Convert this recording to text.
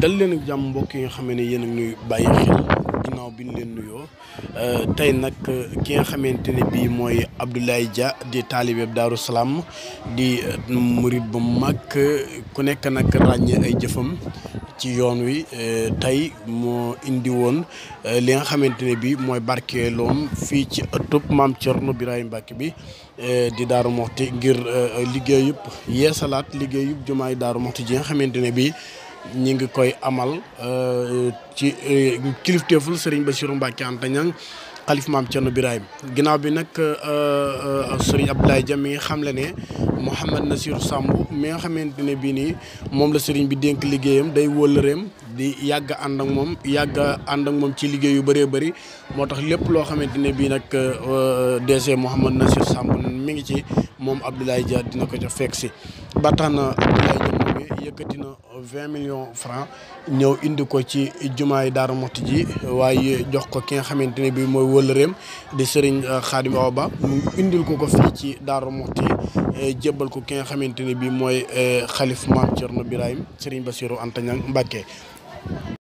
dal leen ak jàmm mbokk yi nga xamee ne yéen a ñuy bàyyi xel ginnaaw bi ñu leen nuyoo euh, tey nag euh, ki nga xamante ne bii mooy Abdoulaye Dia di taalibe Daaru Salaam di euh, murit bu mag ku nekk nag ràññee ay jëfam ci yoon wi tey moo indi woon li nga xamante ne bii mooy barkeeloom fii ci ëttub maam Thierno Birahim Mbacke bi di Daaru Moxti ngir liggéeyub yeesalaat liggéeyub jumaay Daaru Moxti ji nga xamante ne bii. ñi ngi koy amal euh, ci euh, kilifteeful Serigne Bassirou Mbacke Anta Niang xalif maam Thierno Birahim ginnaaw bi nag euh, Serigne Abdoulaye Dia mi ngi xamle ne Mouhamed Nassirou Samb mi nga xamante ne bii nii moom la Serigne bi dénk liggéeyam day wóllëreem di yàgg ànd ak moom yàgg ànd ak moom ci liggéey yu bëree bari moo tax lépp loo xamante ne bii nag DG Mouhamed Nassirou Samb mi ngi ci moom Abdoulaye Dia dina ko jox fekk si ba na Abdoulaye Dia yëkkati na vingt millions francs ñëw indi ko ci jumaa yi daaro Muxti ji waaye jox ko ki nga xamante ne bii mooy wëllëreem di Serigne euh, Khadim Ba mu indil ko ko fii ci Daaru Muxti euh, jébbal ko ki nga xamante ne bii mooy euh, xalif maam Thierno Birahim Serigne Bassirou Anta Niang Mbacké